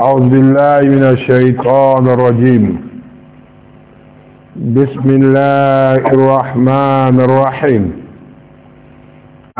أعوذ بالله من الشيطان الرجيم بسم الله الرحمن الرحيم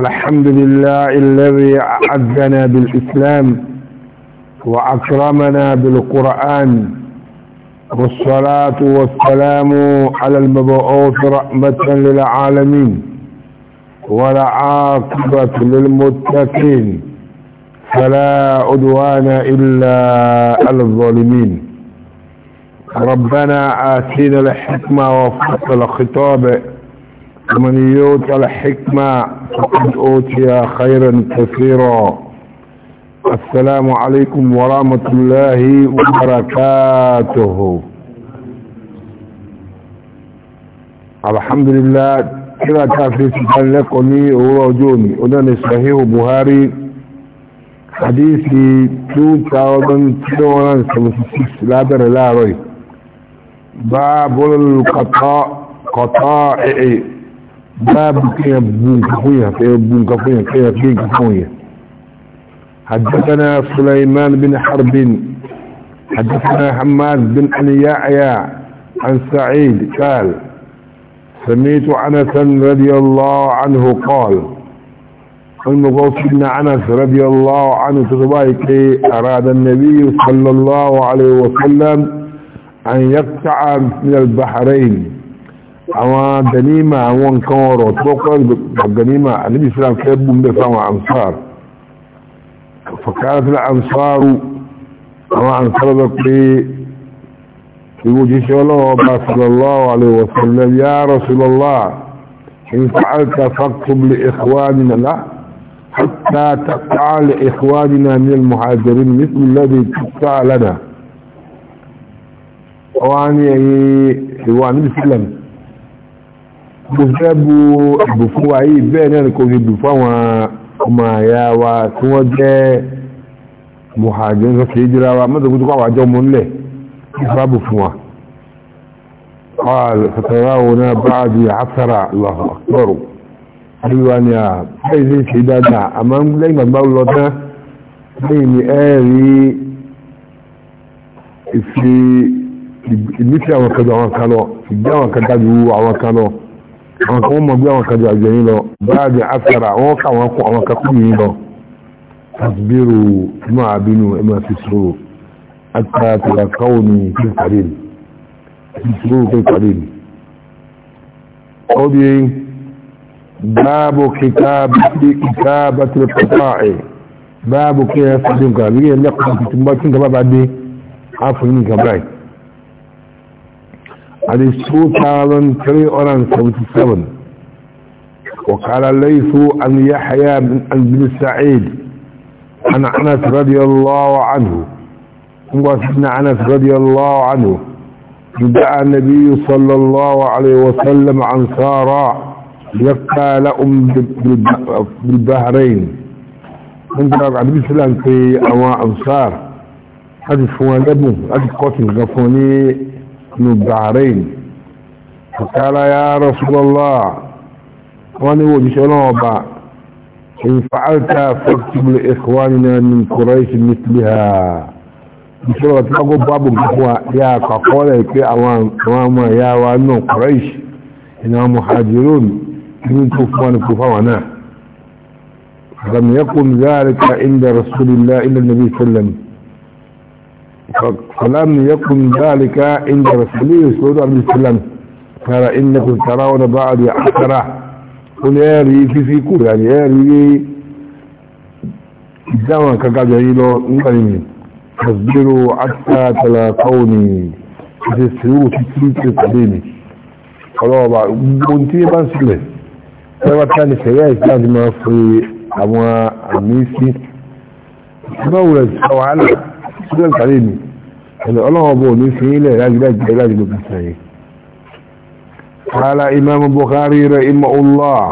الحمد لله الذي أعزنا بالإسلام وأكرمنا بالقرآن والصلاة والسلام على المبعوث رحمة للعالمين ولا عاقبة للمتقين فلا عدوان إلا على الظالمين ربنا آتينا الحكمة وفصل الخطاب ومن يوت الحكمة فقد أوتي خيرا كثيرا السلام عليكم ورحمة الله وبركاته الحمد لله كما كافي سبحان لكم ووجوني ونني صحيح بهاري حديثي 2276 لا در لا ري باب القطاع قطاع إيه؟ باب كيبون كفوية كيبون كفوية كيبون كفوية حدثنا سليمان بن حرب حدثنا حماد بن يعيا عن سعيد قال سميت عنسا رضي الله عنه قال ان المقول سيدنا أنس رضي الله عنه تطبائك أراد النبي صلى الله عليه وسلم أن يقطع من البحرين أما دنيما وان كورو توقع الدنيمة النبي صلى الله عليه وسلم بفهم أنصار فكانت الأنصار أما أنصار ذلك يوجيش الله صلى الله عليه وسلم يا رسول الله إن فعلت فاكتب لإخواننا لا لا تقطع لإخواننا من المهاجرين مثل الذي تقطع لنا وعني وعني بسلم gbogbo ẹ̀bù fún wa yìí bẹ́ẹ̀ náà kò rí bù fáwọn ọmọ àyà wa tí wọ́n jẹ́ mọ̀hàjẹ́ sọ́kè ìjìra wa mọ́tòkú tó kọ́wàá jọmọ́ nílẹ̀ ìfàbù fún wa قال فتراونا بعد عثر الله أكبر àríwá ni à bẹ́ẹ̀ lè ṣe dáadáa àmọ́ lẹ́yìn bàbá lọ tán lẹ́yìn ni ẹ rí ìfi ìmísí àwọn kan àwọn kan lọ ìgbé àwọn kan dájú àwọn kan lọ àwọn kan wọ́n mọ̀ gbé àwọn kan jù lọ báàbí afẹ́ra wọ́n ká àwọn kan àwọn kan kú yín lọ tasbiru ìmọ̀ àbínú ẹ̀mọ̀ sí sòrò àti àtàkàwò ní kí n kàrí ni sí باب كتاب كتابة القطاع باب كيف يصدقك بيه يقرأ كتابك باب بعد عفو منك باي حديث 2377 وقال ليث أن يحيى بن سعيد عن أنس رضي الله عنه وسيدنا أنس رضي الله عنه دعا النبي صلى الله عليه وسلم عن سارة يبقى لهم بالبحرين من جراب عبد السلام في أواء أنصار هذه فوالبه هذه قوة الغفوني من البحرين فقال يا رسول الله وانا هو جيش الله إن فعلت فاكتب لإخواننا من قريش مثلها بسرعة تقول باب هو يا كقولة كي أوان يا وانو قريش إنهم محاجرون من كفوان كفوانا لم يكن ذلك عند رسول الله إلا النبي صلى الله عليه وسلم فلم يكن ذلك عند رسول الله صلى الله عليه وسلم قال إنكم ترون بعد عشرة قل يا ريفي في كل يعني يا ريفي الدواء كقال جهيلو نقلني فاصبروا حتى تلاقوني في تسيروا تسيروا تسيروا تسيروا تسيروا تسيروا تسيروا ẹwà tí a lè ṣẹ̀yà islam ti máa fi àwọn àmì sí báwo rẹ̀ sọ wàhálà sílẹ̀ sàrè mi ẹ̀lẹ̀ ọlọ́wọ́n bọ̀ ní sí ilẹ̀ ìrájúdájú ìrájúdájú ló fi sàyè قال إمام بخاري رحمه الله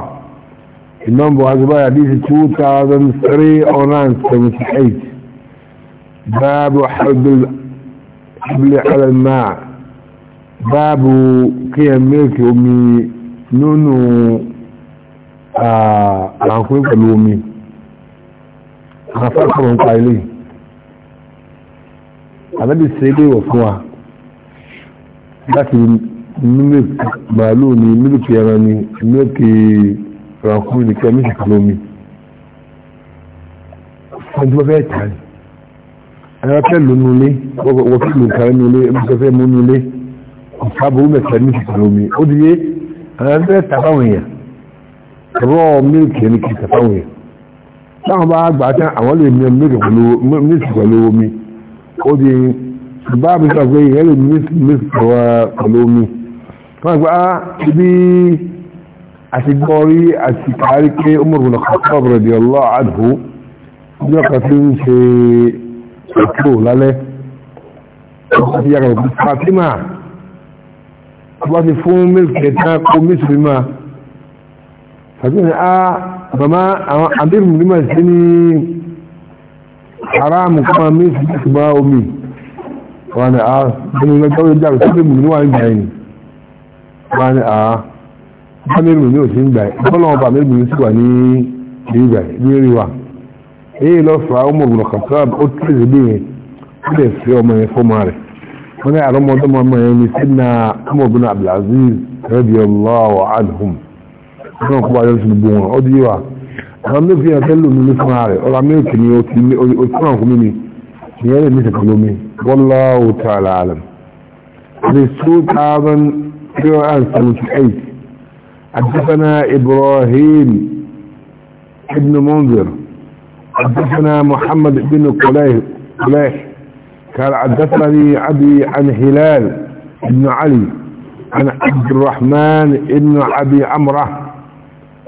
إمام بخاري حبل حبل على الماء باب قيام ملك نونو Ah, àkúrí pẹ̀lú omi àfẹ́kọ̀ọ́ ń pa ilé àbẹ́bí ṣe ilé ìwọ̀ fún wa láti mílíkì màálù ni mílíkì ẹran ni mílíkì ràkú ní kí ẹmí ṣìkà lómi fún ọjọ́ fẹ́ tà ní ẹ̀rọ fẹ́ lò nù lé wọ́n fi lò kàrẹ́ nù lé ẹmí mú nù lé ọ̀fà burú mẹ́ta ẹmí ṣìkà lómi ó di yé ẹ̀rọ fẹ́ èèyàn raw milk ní kí kàtàwọn yẹn táwọn bá gbà tán àwọn lè ní milk pẹ̀lú omi ó di báàbí sọ pé ìyẹn lè milk pẹ̀lú omi wọ́n gbá ibi àti gọ́rí àti kàárí pé Umar bin Khattab radiyallahu anhu ní ọkà tí ń ṣe ìkó lálẹ́ ọkà tí yàgàrà Fatima wọ́n ti fún mílìkì ẹ̀ta kó mílìkì mímá fàtíhìn a bàmá àwọn àdírí mìíràn sí ní haramu kama omi wani a bani na lọ́jọ́ àrùn sábẹ́ mìíràn wani a bá mìíràn ní òsì ń gbà yìí si wani mìíràn ní sí wà ní ìgbà yìí ní rí wa èyí lọ fà á ọmọ ògùnà Abdulaziz radiyallahu anhum náà kó bá yọ sí gbogbo wọn ọdún yìí wa àwọn mílíkì yẹn fẹ́ lòmí ní fúnra rẹ̀ ọ̀rọ̀ mílíkì ni o ti fúnra fún mi ni ìyẹn lè ní ìsìnkú lómi wallahu ta'ala alam ní 2378 حدثنا إبراهيم ابن منذر حدثنا محمد بن قليح قال حدثني أبي عن هلال بن علي عن عبد الرحمن بن أبي عمره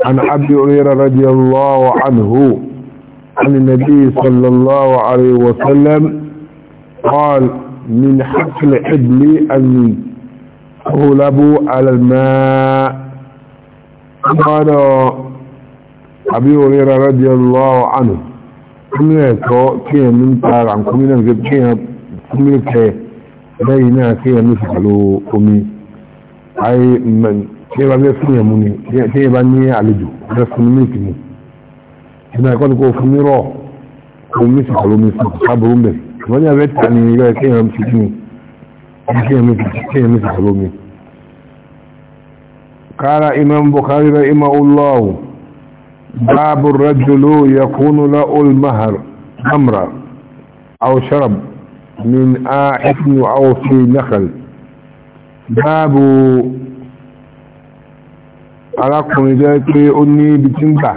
عن عبد هريره رضي الله عنه عن النبي صلى الله عليه وسلم قال من حق الحبل أن تغلبوا على الماء قال أبي هريرة رضي الله عنه كم يتو كيه من طالع كم ينزل كيه كم يكيه بينا كيه نفعلوا كمي أي من tí ẹ bá bẹ fún yẹn mu ni tí ẹ bá ní àlejò bẹ fún mílìkì mu ìgbà ẹ̀kọ́ ni kò fún mi rọ̀ kò mí sì kọ́ lómi sí sábòrò mbẹ̀ ìwọ́n ní abẹ́ ta ni ìgbà ẹ̀kẹ́ yẹn ti kí ni ẹ̀kẹ́ yẹn mi sì kọ́ lómi. kára imam Bukhari rẹ ima olóòwò báàbù rajulu yakunu la olmahar amra aw min a ifni aw nakal báàbù arákùnrin jẹ́ pé ó ní ibi tí ń gbà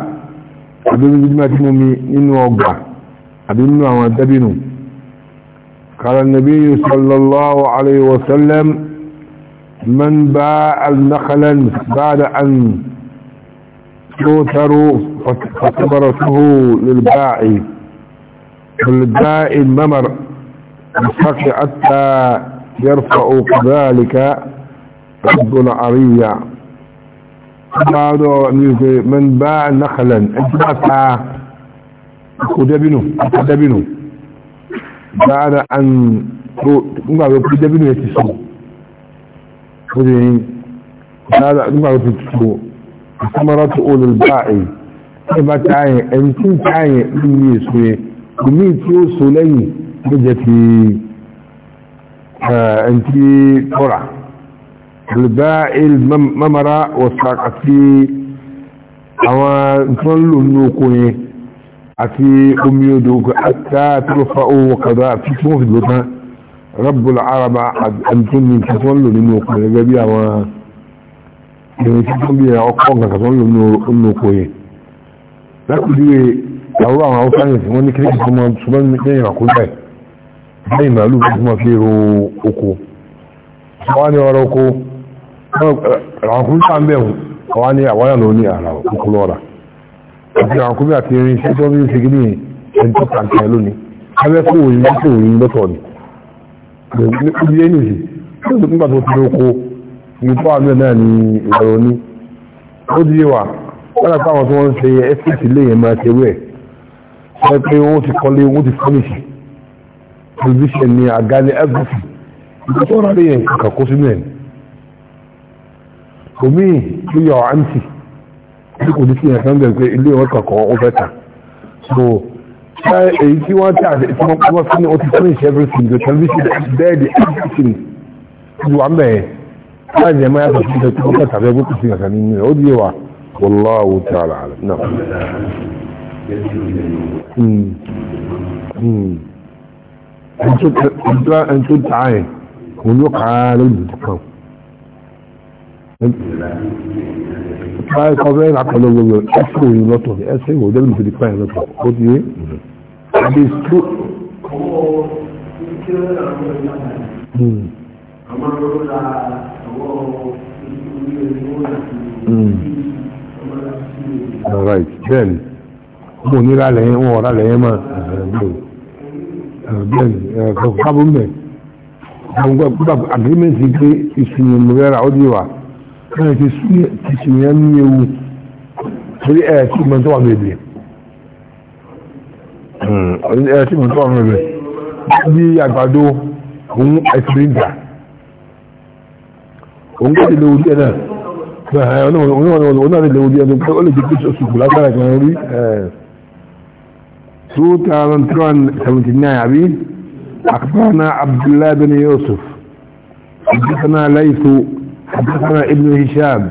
àbí ibi tí máa ti n gba mu mi nínú ọgbà àbí nínú àwọn قال النبي صلى الله عليه وسلم من باع نخلا بعد أن توتر فثمرته للباع فالباع الممر الفقع حتى يرفع كذلك رب العرية بعض من باع نخلا اجبت كدبنه كدبنه بعد ان نبقى كدبنه يتسو وزين هذا نبقى تتسو ثمرة أول البائع كما تعي أنتين تعي من يسوي كمية يوصلين بجتي أنتي قرأ الباء الممرة والساقتي àwọn tó ń lò ní oko yẹn àti omi odò àtà tó fa owó kàdá àti tí wọ́n fi lò tán rọ́bùlà araba àtúnni tí wọ́n lò nínú oko yẹn gẹ́gẹ́ bí àwọn ìrìn tí wọ́n bí ọkọ̀ nǹkan tó ń lò nínú oko yẹn lákùnjúwe àwọn àwọn haúsá yẹn tí wọ́n ní kíríkì tó máa tó bá ní lẹ́yìn àkójá ẹ̀ lẹ́yìn màálù tó máa fi ro oko wọ́n á ní ọrọ̀ oko ràkúnmí à ń bẹ̀rù ọwá ní àwárà ló ní àrà òkúlọ́ ọ̀rà àti ràkúnmí àti irin iṣẹ́ tó ní ṣe gíní ẹni tó kàǹkà ẹ lónìí abẹ́ kó òyìn lọ́tọ̀ lọ́tọ̀ ni ibi ẹni yìí nígbà tó ti lóko ní tó àmì náà ní ìwọ̀rọ̀ ní ó di wà wọ́n ṣe ẹ́fíìsì lè sínú ẹ̀ omi ilé ọ̀ àǹtì tí kò ní sí ẹ̀sán ń bẹ̀rẹ̀ pé ilé ọ̀ kọ̀ọ̀kọ̀ ó fẹ́ tà so èyí tí wọ́n tà tí wọ́n kọ́ sí ní ó ti finish everything the television bẹ́ẹ̀dì everything ti wà mẹ́ẹ̀ láti ẹ̀mọ́ yàtọ̀ sí ìtọ́jú ó fẹ́ tàbí ẹgbẹ́ kò sí ẹ̀sán nínú rẹ̀ ó di wa wallahu ta'ala alam náà. ẹni tó tà ẹ̀ òun ló kàá lórí ìdí kan báyìí kọ́ fẹ́ lákọ̀ọ́lọ́ gbogbo ẹ̀sìn òyìn lọ́tọ̀ ẹ̀sìn ìwò dẹ́nu ti di pa ẹ̀ lọ́tọ̀ ó ti yé àbí stroke. Hmm. Alright, bẹ́ẹ̀ni, mo ní ra lẹ́yìn wọn ọ̀rá lẹ́yìn máa bẹ́ẹ̀ni, ẹ̀kọ́ kábọ̀ mẹ́, àwọn agreement pé ìsinmi mẹ́ra ó di wà náà ti sùn yẹn ní ewu torí ẹ̀ tí mo tó wà bèbè ẹ̀ tí mo tó wà bèbè bí àgbàdo òun ẹ̀sìnrìndà òun kò lè ojú ẹ̀ náà òun náà lè ojú ẹ̀ náà ó lè jẹ́ pé sọ̀kù lágbára kan rí two thousand three hundred seventy nine àbí أخبرنا عبد الله بن يوسف حدثنا ليث حدثنا ابن هشام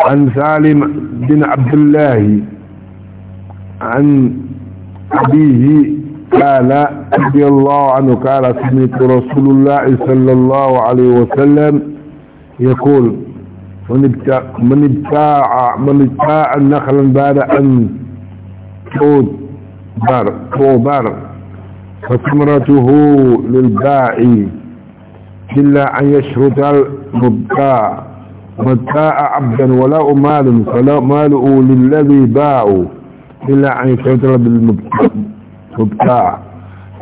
عن سالم بن عبد الله عن أبيه قال رضي الله عنه قال سمعت رسول الله صلى الله عليه وسلم يقول من ابتاع من ابتاع من ابتاع نخلا بعد أن بر توبر فثمرته للباعي إلا أن يشرد مباع متاع عبدا ولا مال فلا ماله للذي باعوا إلا أن يشعر بالمبتاع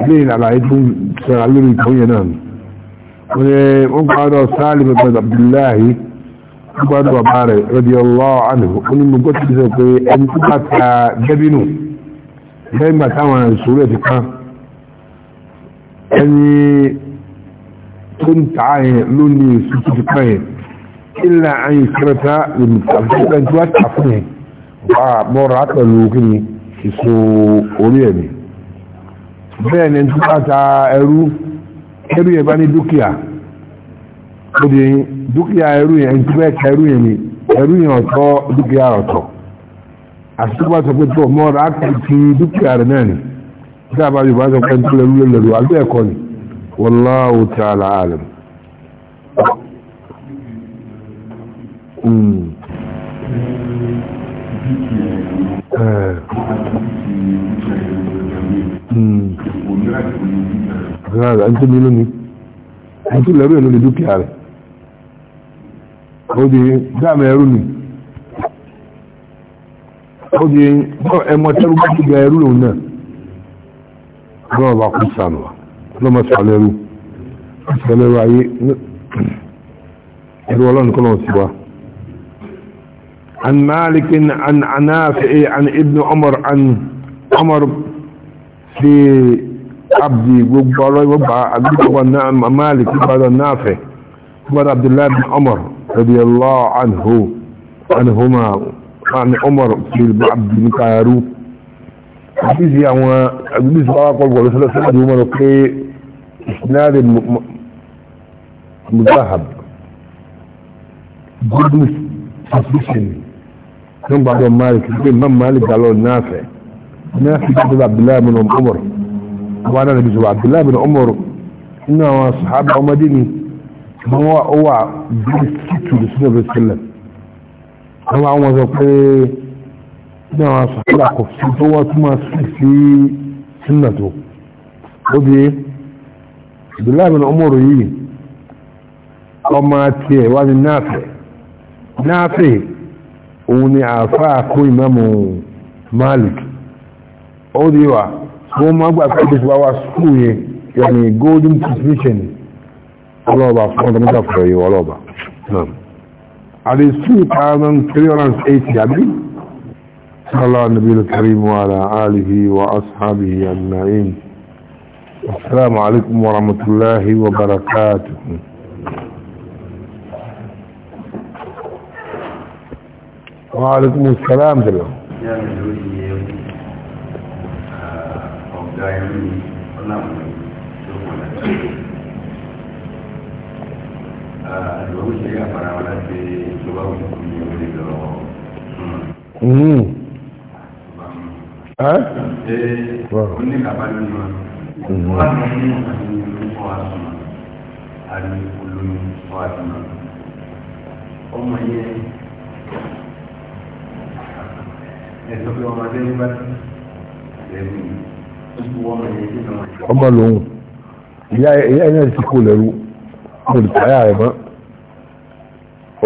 لين على عيدهم سيعلم يكوينان وقال سالم بن عبد الله وقال وباري رضي الله عنه قل من قلت بسيطي أن تبقى جبنو لما كان سورة كان أني tó ń tàá yẹn ló ní èsù tó ti pẹ́ yẹn ilẹ̀ àyìn kẹrẹta lèmùtàfẹ́ tí wá tà fún yẹn wà mọ́ra pẹ̀lú kí ni èso orí ẹ̀mí bẹ́ẹ̀ ni tí wá ta ẹrú ẹrú yẹn bá ní dúkìá ó di dúkìá ẹrú yẹn ẹni tí ta ẹrú yẹn ni ẹrú yẹn ọ̀tọ̀ dúkìá ọ̀tọ̀ àti tó bá sọ pé tó mọ́ra ti dúkìá rẹ̀ náà ni tí a bá yorùbá sọ pé ń tó lẹ́rú lẹ́rú àlú ẹ̀kọ́ ni. والله تعالى عالم امم آه. هذا انت ميلوني انت اللي بينه اللي دوكي على ودي دعم يروني ودي اما تلو بكي بيرونه هنا رابع قصانوه ọlọ́mọ sàlẹ̀rù sàlẹ̀rù ayé ẹ̀rọ ọlọ́run kọ́lọ̀ sí wa عن مالك عن عنافع عن ابن عمر عن عمر في عبد وبرا وبع عبد مالك بعد النافع بعد عبد الله بن عمر رضي الله عنه عنهما عن عمر في عبد بن كاروب àbísí àwọn àgbébísí wá kọlùkọlù sọ́lọ́sọ́lọ́ àti wọ́n lọ pé بإسناد مذهب جدوس تسبيشن ثم بعد مالك يقول من مالك قالوا نافع نافع قال عبد الله بن عمر وانا نبي عبد الله بن عمر انه صحابه عمديني هو هو بالسكت لسنة بالسلم هو عمر زوقي انه صحابه قفصي هو ثم سنته وديه abdullahi bin umar yìí ọmọ tiẹ̀ wá ní náàfẹ́ náàfẹ́ òun ni àáfàá kó ìmáàmù malik ó di wà tó máa gbà pé bíṣọ́ wá skúù yẹn yẹni golden position ọlọ́ọ̀bà fún ọdún mẹ́ta fọ̀rọ̀ yìí ọlọ́ọ̀bà sùn kàánán 380 àbí sallallahu alaihi wa alihi wa ashabihi ajma'in السلام عليكم ورحمة الله وبركاته وعليكم السلام دلوقتي Mm. Eh? Eh, oníkàbá lónìí wọn. wọ́n á ní ọmọ lòun ìyá ti kó lẹ́rú mọ́ ó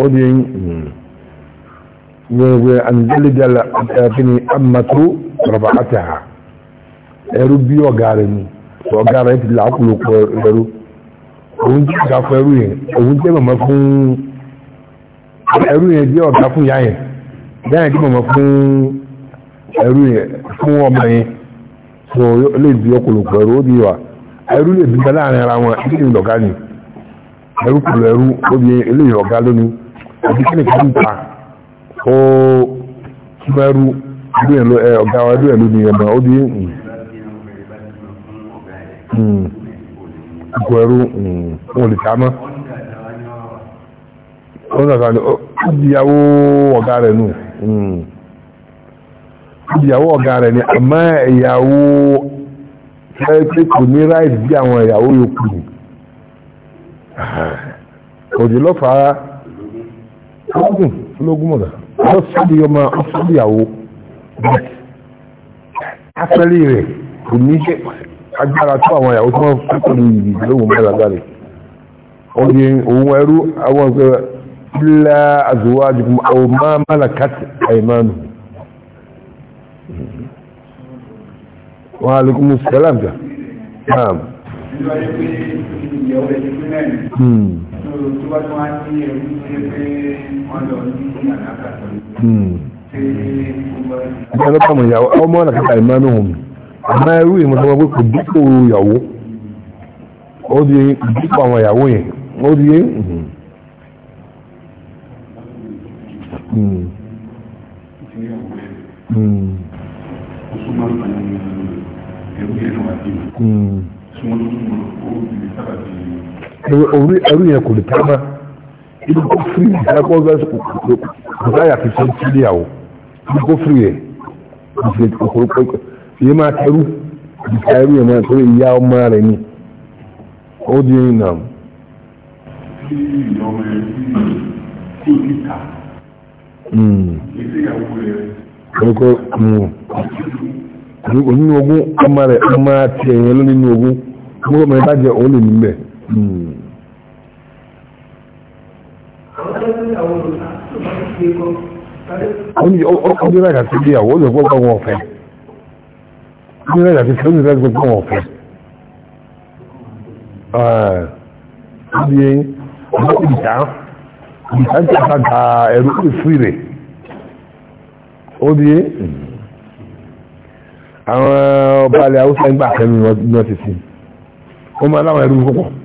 ní àti amatu rọ̀bà ẹ̀rú bí ọ̀gá rẹ̀ ni. ọ̀gá rẹ̀ ti làákùlù pọ̀ ẹrú òun jẹ́ ọ̀gá fún ẹrú yẹn òun jẹ́ mọ̀mọ́ fún ẹrú yẹn jẹ́ ọ̀gá fún ìyá yẹn ìyá yẹn jẹ́ mọ̀mọ́ fún ẹrú yẹn fún ọmọ yẹn tó lè di ọkùlù pọ̀ ẹrú ó di wa ẹrú lè bí bẹ́ẹ̀ láàrin ara wọn ilé ìlú ọ̀gá ni ẹrú kùlù ẹrú ó di ilé ìlú ọ̀gá lónìí àti kí nìkan ta ó fún ẹrú ọ̀gá ẹrú ẹ̀ lónìí ẹ̀mọ́ ó di ikọ̀ hmm. ẹrú hmm. wọn lè sáámọ́ wọ́n náà sáré ó dìyàwó ọ̀gá rẹ̀ nù hmm. ó dìyàwó ọ̀gá rẹ̀ ni àmọ́ ìyàwó fẹ́ pé kò ní ráìsì bí àwọn ìyàwó yòókù ni òdì lọ́fàá ọgùn ológun mọ̀dá ó sábì ọmọ ó sábì ìyàwó bẹ́ẹ̀ afẹ́lẹ́ rẹ̀ kò ní ṣe agbára tó àwọn ìyàwó tí wọ́n fún pẹ̀lú ìyí lóhùn mẹ́ra dáre oye òun ẹrú àwọn ọ̀pẹ ilẹ̀ àzúwájú àwọn máa málàkàtì àìmánu wọ́n alẹ́kùn mú sẹ́lám jà náà hmm. hmm. hmm. Ìjọba ọmọ ìyàwó ọmọ ọ̀nà kàtà ìmánú hùn àmọ́ irú ìmọ̀sọ́mọ́ pé kò dípò ìyàwó ó di dípò àwọn ìyàwó yẹn ó di yé ẹrú yẹn kò lè tẹ́ mọ́ ibi kó firi ẹ̀kọ́ gbẹ́sẹ̀ kò sáyà fi ṣe ń tílé àwọ̀ ibi kó firi yẹn kò sí ọ̀pọ̀lọpọ̀ yìí máa kẹrù ìka ẹrú yẹn máa kẹrù ìyá ọmọ rẹ̀ ni ó di ní nàm. Orúkọ onínú ogún ọmọ rẹ̀ ọmọ àti ẹ̀yẹ lónínú ogún ọmọ ọmọ ẹ̀ bá jẹ òun lè níbẹ̀. Àwọn ọmọ ìyàwó ló ń gbọ́ ọ̀fẹ́ ní ẹ̀yà tí kí ó ní lẹ́gbẹ̀ẹ́ gbọ́n ọ̀fẹ́ ẹ̀ẹ́dì ọmọ ìjà ìjà ń tẹ́ta ga ẹ̀rú ìfúrì rẹ̀ ó di àwọn ọba alẹ́ haúsá ń gbà kẹ́nu ní ọtí sí wọ́n máa láwọn ẹrú púpọ̀